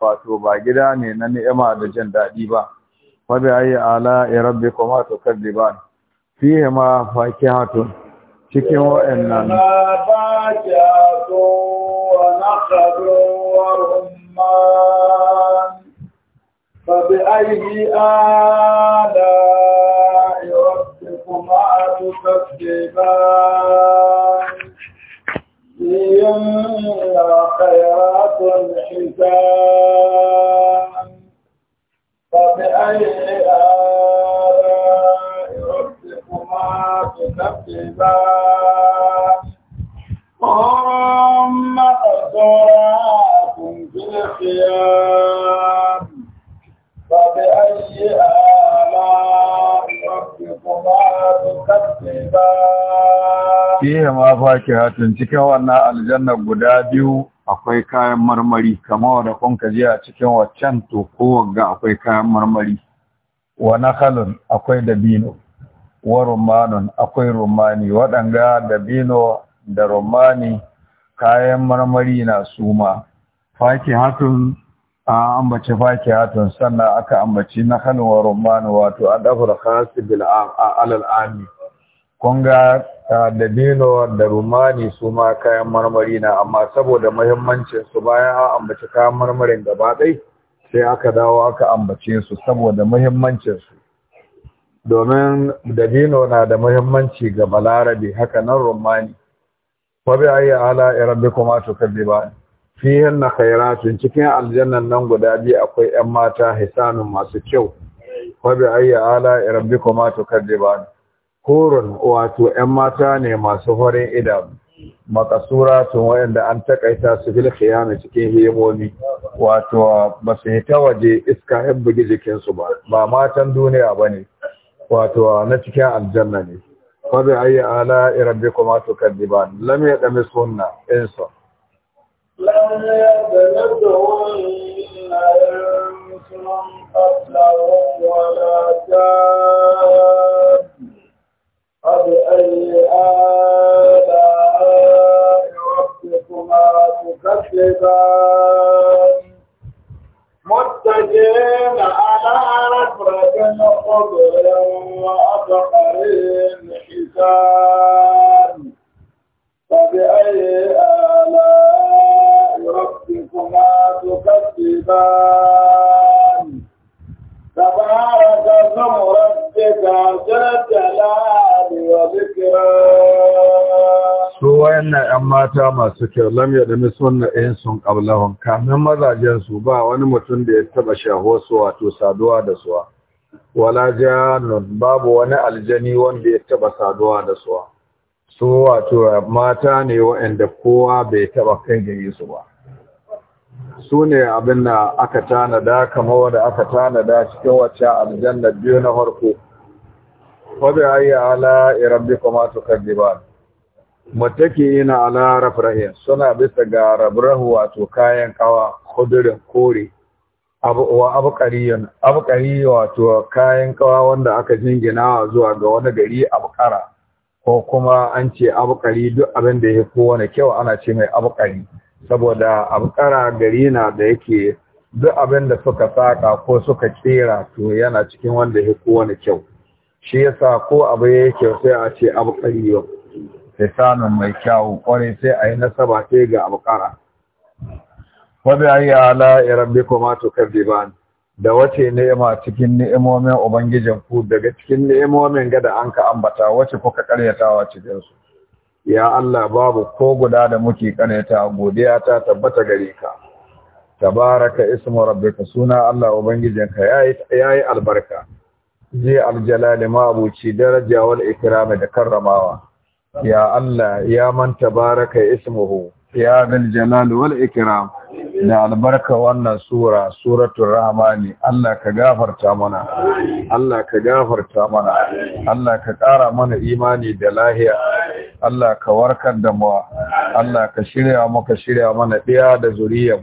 wato ba gida ne na ni'ima da jin daɗi ba fa bi ayi ala rabbikuma tukadziban fihi ma fakihatun cikin wa'annan فبأي آلاء ربكما خيرات حسان فبأي آلاء ربكما تكذبان هم أزواج في الخيام فبأي آلاء ربكما تكذبان fiye ma faki hatun cikin wannan aljanna guda biyu akwai kayan marmari kamar da kun je a cikin waccan to kowanne akwai kayan marmari wa nakhalun akwai dabino wa rumanun akwai rumani waɗanga dabino da rumani kayan marmari na suma Faki hatun a ambace faki hatun sannan aka ambaci nakhalun wa rumani wato adabul khasib al alal amin kun ga da dino da rumani su ma kayan marmari na amma saboda muhimmancin su bayan an ambaci kayan marmarin gaba ɗai sai aka dawo aka ambace su saboda muhimmancin su domin da na da muhimmanci ga balarabe haka nan rumani wa bi ayi ala rabbikuma tukadiban fihin na khairatun cikin aljannan nan guda biyu akwai 'yan mata hisanun masu kyau wa bi ayi ala rabbikuma tukadiban horon wato ‘yan mata ne masu farin makasura tun wayanda an takaita su fil khiyami cikin hemomi, wato ba su yi ta waje iska ‘yan bugi jikinsu ba, ba matan duniya ba ne, wato na cikin aljanna ne. Kwabi yi ala irabe kuma tukar diban, lam ya ɗami sunna, insa. الجبال متكئين على رفرف خضر وأبقرين حسان فبأي آلاء ربكما تكذبان waɗannan 'yan mata masu kyau lam ya dami na ɗayan sun ƙablahun kamin mazajen su ba wani mutum da ya taɓa su wato saduwa da suwa wala janun babu wani aljani wanda ya taɓa saduwa da suwa su wato mata ne waɗanda kowa bai taɓa kai gare su ba su ne abin da aka tanada kamar wanda aka tanada cikin wacce aljanna biyu na farko wabi ayi ala irabbi kuma Jibar. matake yana ala rafrahiya suna bisa ga rabrahu wato kayan kawa kudurin kore wa abqariyan abqari wato kayan kawa wanda aka jingina zuwa ga wani gari abuƙara. ko kuma an ce abuƙari duk abin da ya wani kyau ana ce mai abuƙari, saboda abuƙara gari na da yake duk abin da suka saka ko suka kera to yana cikin wanda ya wani kyau shi yasa ko abu yake sai a ce yau hisanun mai kyawun wani sai a yi nasaba ce ga abukara wadda ya yi ala biko kuma tukardiban da wace ni'ima cikin ni'imomin ku? daga cikin ni'imomin gada an ka ambata wace kuka karyatawa cikinsu ya Allah babu ko guda da muke karyata godiya ta tabbata gare ka tabaraka ismu rabbika suna Allah ubangijin yayi yayi albarka ji aljalali ma abuci daraja wal ikrama da karramawa ya Allah ya manta, "Baraka ismahu!" ya dal jalal wal da albarka wannan sura suratul rahmani Allah ka gafarta mana Allah ka gafarta mana Allah ka ƙara mana imani da lahiya Allah ka warkar da mu Allah ka shirya muka shirya mana ɗaya da zuriyar